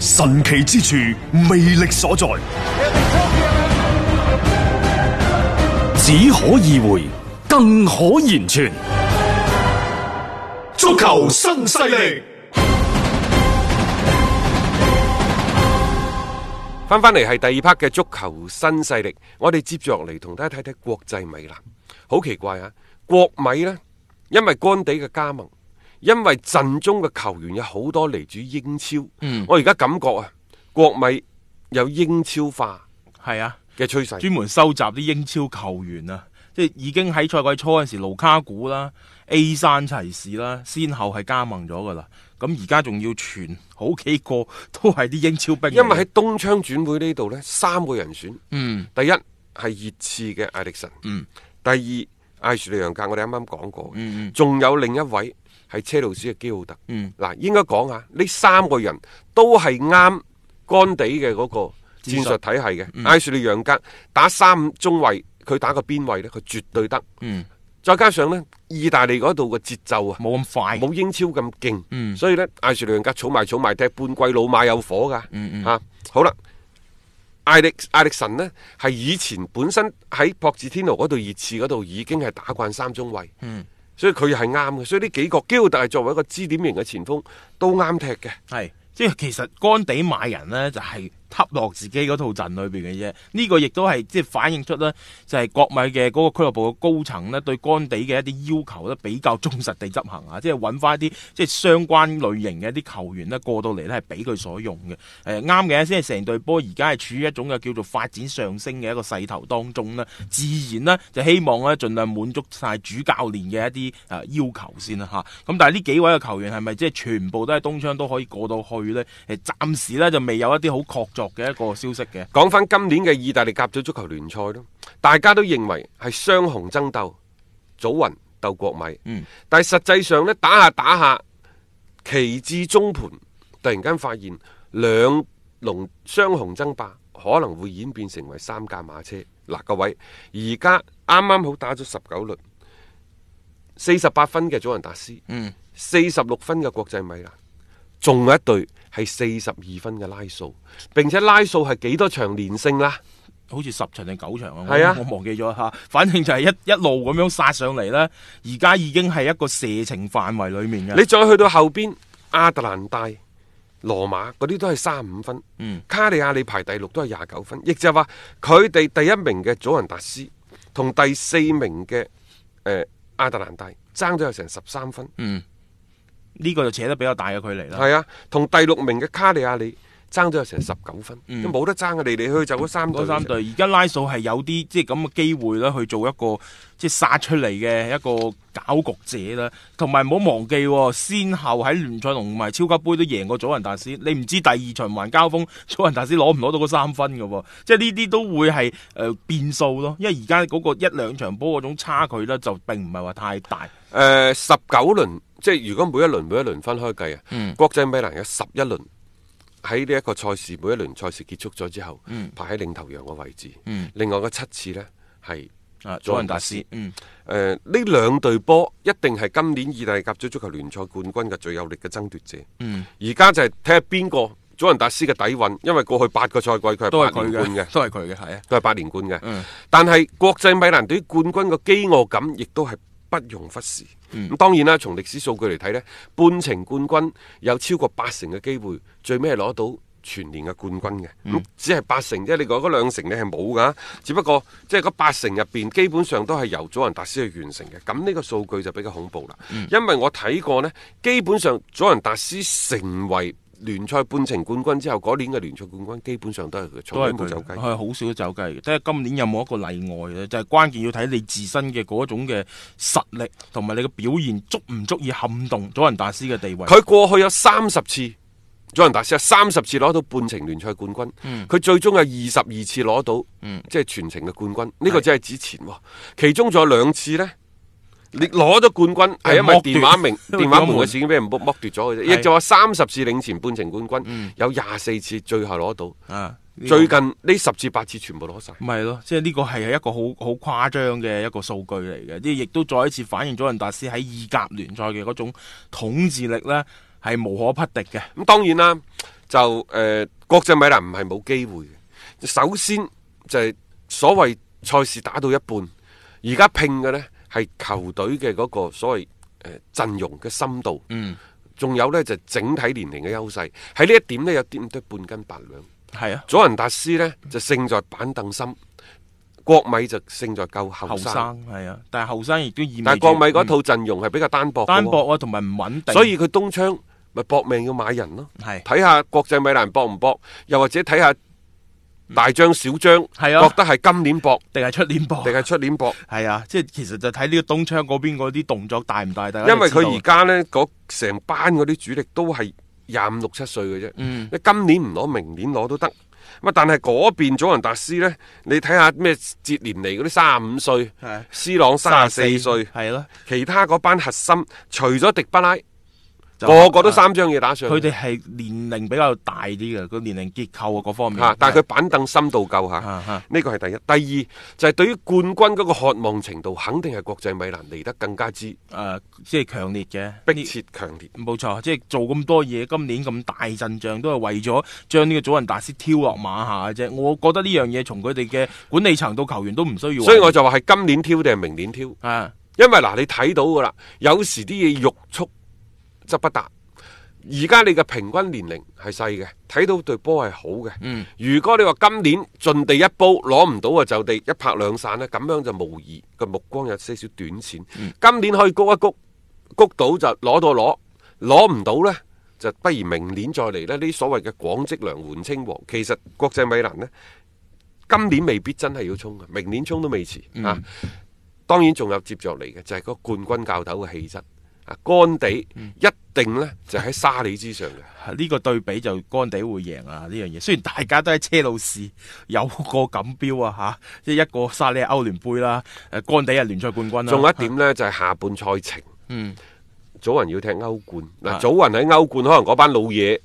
神奇之處，魅力所在，只可意會，更可言傳。足球新勢力，翻翻嚟係第二 part 嘅足球新勢力。我哋接住落嚟，同大家睇睇國際米蘭。好奇怪啊！國米呢？因為干地嘅加盟。因為陣中嘅球員有好多嚟自英超，嗯、我而家感覺啊，國米有英超化係啊嘅趨勢，專門收集啲英超球員啊，即係已經喺賽季初嗰時候，盧卡古啦、A 山齊士啦，先後係加盟咗噶啦。咁而家仲要傳好幾個都係啲英超兵，因為喺冬窗轉會呢度呢，三個人選，嗯、第一係熱刺嘅艾力臣，嗯、第二艾樹利楊格，我哋啱啱講過，仲、嗯、有另一位。係車路士嘅基奧特，嗱、嗯、應該講下呢三個人都係啱干地嘅嗰個戰術體系嘅。艾殊利楊格打三中衛，佢打個邊位咧，佢絕對得。嗯，再加上呢，意大利嗰度嘅節奏啊，冇咁快，冇英超咁勁。嗯嗯、所以呢，艾殊利楊格儲埋儲埋踢，半季老馬有火噶。嗯、啊、嗯，吓好啦，艾歷艾歷臣呢，係以前本身喺博智天奴嗰度熱刺嗰度已經係打慣三中衛。嗯。所以佢係啱嘅，所以呢幾個，基奧特作為一個支點型嘅前鋒都啱踢嘅。係，即係其實干地買人咧就係、是。吸落自己嗰套陣裏邊嘅啫，呢個亦都係即係反映出呢，就係國米嘅嗰個俱樂部嘅高層呢，對乾地嘅一啲要求呢，比較忠實地執行啊，即係揾翻一啲即係相關類型嘅一啲球員呢，過到嚟呢係俾佢所用嘅。誒，啱嘅，即係成隊波而家係處於一種嘅叫做發展上升嘅一個勢頭當中呢，自然呢，就希望呢盡量滿足晒主教練嘅一啲誒要求先啦嚇。咁但係呢幾位嘅球員係咪即係全部都喺東窗都可以過到去呢？誒暫時咧就未有一啲好確。作嘅一個消息嘅，講翻今年嘅意大利甲組足球聯賽咯，大家都認為係雙雄爭鬥，祖雲鬥國米，嗯，但係實際上呢，打下打下，奇至中盤，突然間發現兩龍雙雄爭霸可能會演變成為三架馬車。嗱、啊，各位而家啱啱好打咗十九輪，四十八分嘅祖雲達斯，嗯，四十六分嘅國際米蘭。仲有一隊係四十二分嘅拉素，並且拉素係幾多場連勝啦？好似十場定九場啊？係啊，我忘記咗吓。反正就係一一路咁樣殺上嚟啦。而家已經係一個射程範圍裏面嘅。你再去到後邊，亞特蘭大、羅馬嗰啲都係三五分。嗯，卡里亞里排第六都係廿九分，亦就係話佢哋第一名嘅祖雲達斯同第四名嘅誒亞特蘭大爭咗有成十三分。嗯。呢個就扯得比較大嘅距離啦。係啊，同第六名嘅卡利亞里，爭咗成十九分，冇、嗯、得爭嘅嚟嚟去去就嗰三嗰三隊。而家拉數係有啲即係咁嘅機會啦，去做一個即係殺出嚟嘅一個攪局者啦。同埋唔好忘記，先後喺聯賽同埋超級杯都贏過祖雲達斯。你唔知第二場環交鋒祖雲達斯攞唔攞到嗰三分喎，即係呢啲都會係誒、呃、變數咯。因為而家嗰個一兩場波嗰種差距咧，就並唔係話太大。誒、呃，十九輪即係如果每一輪每一輪分開計啊，嗯、國際米蘭有十一輪。喺呢一個賽事每一輪賽事結束咗之後，嗯、排喺領頭羊嘅位置。嗯、另外嘅七次呢，係祖雲達斯。誒、啊，呢兩隊波一定係今年意大利甲足足球聯賽冠軍嘅最有力嘅爭奪者。而家、嗯、就係睇下邊個祖雲達斯嘅底蘊，因為過去八個賽季佢係八連冠嘅，都係佢嘅係啊，都係八連冠嘅。嗯、但係國際米蘭對於冠軍嘅飢餓感，亦都係。不容忽視。咁當然啦，從歷史數據嚟睇咧，半程冠軍有超過八成嘅機會，最尾係攞到全年嘅冠軍嘅。嗯、只係八成即啫，你講嗰兩成你係冇噶，只不過即係嗰八成入邊，基本上都係由祖雲達斯去完成嘅。咁呢個數據就比較恐怖啦。嗯、因為我睇過呢，基本上祖雲達斯成為。聯賽半程冠軍之後，嗰年嘅聯賽冠軍基本上都係佢，走計，都係冇走雞，係好少走雞。睇下今年有冇一個例外咧，就係、是、關鍵要睇你自身嘅嗰種嘅實力，同埋你嘅表現足唔足以撼動祖雲達斯嘅地位。佢過去有三十次祖雲達斯，三十次攞到半程聯賽冠軍，佢、嗯、最終有二十二次攞到，即係、嗯、全程嘅冠軍。呢、這個只係指前，是其中仲有兩次呢。你攞咗冠軍係因為電話名電話門嘅錢俾人剝剝奪咗嘅啫。亦的就話三十次領前半程冠軍，嗯、有廿四次最後攞到啊！這個，最近呢十次、八次全部攞晒。唔係咯，即係呢個係一個好好誇張嘅一個數據嚟嘅。啲亦都再一次反映咗祖雲達斯喺意甲聯賽嘅嗰種統治力咧，係無可匹敵嘅。咁、嗯、當然啦，就誒、呃、國際米蘭唔係冇機會嘅。首先就係所謂賽事打到一半，而家拼嘅咧。係球隊嘅嗰個所謂誒陣容嘅深度，嗯，仲有咧就是，整體年齡嘅優勢，喺呢一點呢，有啲咁半斤八兩。係啊，祖雲達斯呢，就勝在板凳深，國米就勝在夠後生。係啊，但係後生亦都意味。但係國米嗰套陣容係比較單薄，單薄啊，同埋唔穩定。所以佢冬窗咪搏命要買人咯。係睇是下國際米蘭搏唔搏，又或者睇下，大張小張，係啊，覺得係今年博定係出年博定係出年博，係啊，即係其實就睇呢個東窗嗰邊嗰啲動作大唔大，得？因為佢而家咧成班嗰啲主力都係廿五六七歲嘅啫，嗯，你今年唔攞，明年攞都得，咁啊，但係嗰邊祖雲達斯咧，你睇下咩哲連尼嗰啲三十五歲，斯朗三十四歲，係咯，其他嗰班核心除咗迪巴拉。個個都三張嘢打上，佢哋係年齡比較大啲嘅，個年齡結構啊各方面。是是但係佢板凳深度夠吓，呢、啊、個係第一。第二就係、是、對於冠軍嗰個渴望程度，肯定係國際米蘭嚟得更加之誒、啊，即係強烈嘅，迫切強烈。冇錯，即、就、係、是、做咁多嘢，今年咁大陣仗，都係為咗將呢個祖雲達斯挑落馬下啫。我覺得呢樣嘢，從佢哋嘅管理層到球員都唔需要。所以我就話係今年挑定係明年挑。啊，因為嗱、啊，你睇到噶啦，有時啲嘢欲速。則不達，而家你嘅平均年齡係細嘅，睇到對波係好嘅。嗯，如果你話今年盡地一煲攞唔到啊，就地一拍兩散咧，咁樣就無疑個目光有些少短淺。嗯、今年可以谷一谷，谷到就攞到攞，攞唔到呢，就不如明年再嚟，呢呢所謂嘅廣積糧，緩稱王，其實國際米蘭咧，今年未必真係要衝啊，明年衝都未遲、嗯、啊。當然仲有接着嚟嘅，就係、是、個冠軍教頭嘅氣質。干地一定咧就喺、是、沙里之上嘅，呢個對比就干地會贏啊！呢樣嘢，雖然大家都喺車路士有個錦標啊吓，即係一個沙里係歐聯盃啦，誒干地係聯賽冠軍啦。仲有一點咧是就係下半賽程，嗯，早云要踢歐冠，嗱是早云喺歐冠可能嗰班老嘢。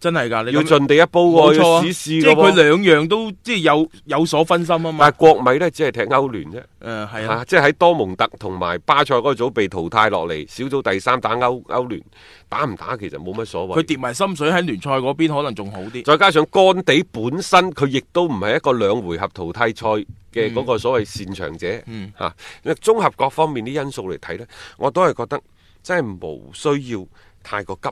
真係噶，你要盡地一煲喎、啊，啊、要試試、啊，即係佢兩樣都即係有有所分心啊嘛。但係國米呢，只係踢歐聯啫。誒、嗯，係啊，即係喺多蒙特同埋巴塞嗰組被淘汰落嚟，小組第三打歐歐聯，打唔打其實冇乜所謂。佢疊埋心水喺聯賽嗰邊，邊可能仲好啲。再加上干地本身，佢亦都唔係一個兩回合淘汰賽嘅嗰個所謂擅長者。嗯，吓、嗯，綜、啊、合各方面啲因素嚟睇呢，我都係覺得真係冇需要太過急。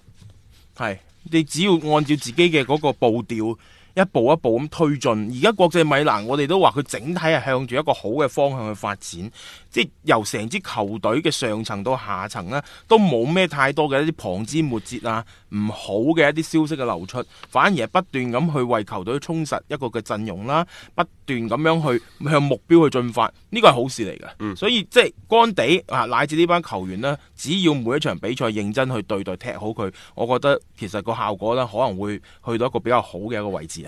係。你只要按照自己嘅嗰個步調。一步一步咁推進，而家國際米蘭，我哋都話佢整體係向住一個好嘅方向去發展，即係由成支球隊嘅上層到下層啦，都冇咩太多嘅一啲旁枝末節啊，唔好嘅一啲消息嘅流出，反而係不斷咁去為球隊充實一個嘅陣容啦，不斷咁樣去向目標去進發，呢個係好事嚟嘅。嗯，所以即係干地啊，乃至呢班球員咧，只要每一場比賽認真去對待踢好佢，我覺得其實個效果咧可能會去到一個比較好嘅一個位置。